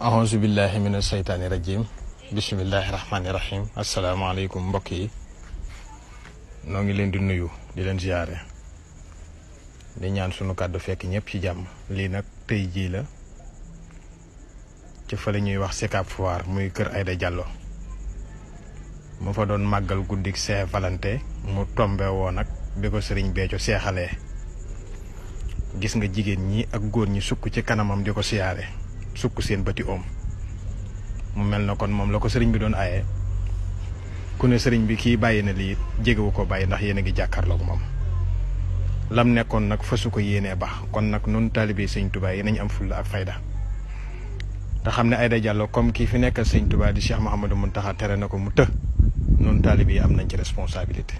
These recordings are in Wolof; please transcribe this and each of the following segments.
ahousu billahi min asheytaani rajim bisimillahi rahmaani rahim asalaamaaleykum mbokk yi noo ngi leen di nuyu di leen ziare di ñaan sunu kàddu fekk ñëpp ci jàmm lii nag tey jii la ci fa la ñuy wax Sicap Foire muy kër ayda Diallo mu fa doon màggal guddik Saint Valentin mu tombe woon nag bi ko sëriñ Béthio seexalee gis nga jigéen ñi ak góor ñi sukk ci kanamam di ko siyaare sukk seen bëti om mu mel na kon moom la ko sëriñ bi doon aaye ku ne sëriñ bi kii bàyyi na lii jegewu ko bàyyi ndax yéen a ngi jàkkaarloog moom lam nekkoon nag fasu ko yéenee baax kon nag nun taalibe sëñ Tuubaa yi nañ am fulla ak fayda te xam ne Aida Diallo comme kii fi nekkal sëñ Tuubaa di Cheikh Mouhamadou Mountakha tere na ko mu të nun taalibe yi am nañ ci responsabilité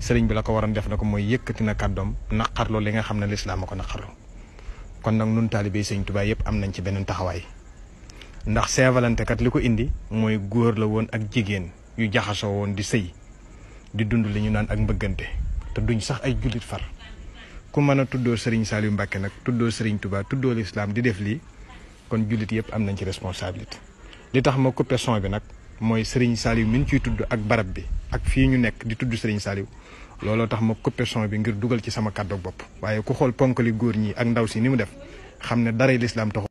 sëriñ bi la ko waroon def na ko mooy yëkkati na kàddoom naqarlu li nga xam ne lislaam a ko naqarlu kon nag nun taalibe sëñ Tuubaa yëpp am nañ ci beneen taxawaay ndax saint li ko indi mooy góor la woon ak jigéen yu jaxasoo woon di sëy di dund li ñu naan ak mbëggante te duñ sax ay jullit far ku mën a tuddoo Serigne Saliou Mbacke nag tuddoo Serigne Touba tuddoo lislaam di def lii kon jullit yëpp am nañ ci responsabilité li tax ma coupé son bi nag mooy Serigne Saliou min ciy tudd ak barab bi ak fii ñu nekk di tudd Serigne Saliou looloo tax ma coupé son bi ngir dugal ci sama kàddu bopp waaye ku xool ponk li góor ñi ak ndaw si ni mu def xam ne daray lislaam taxu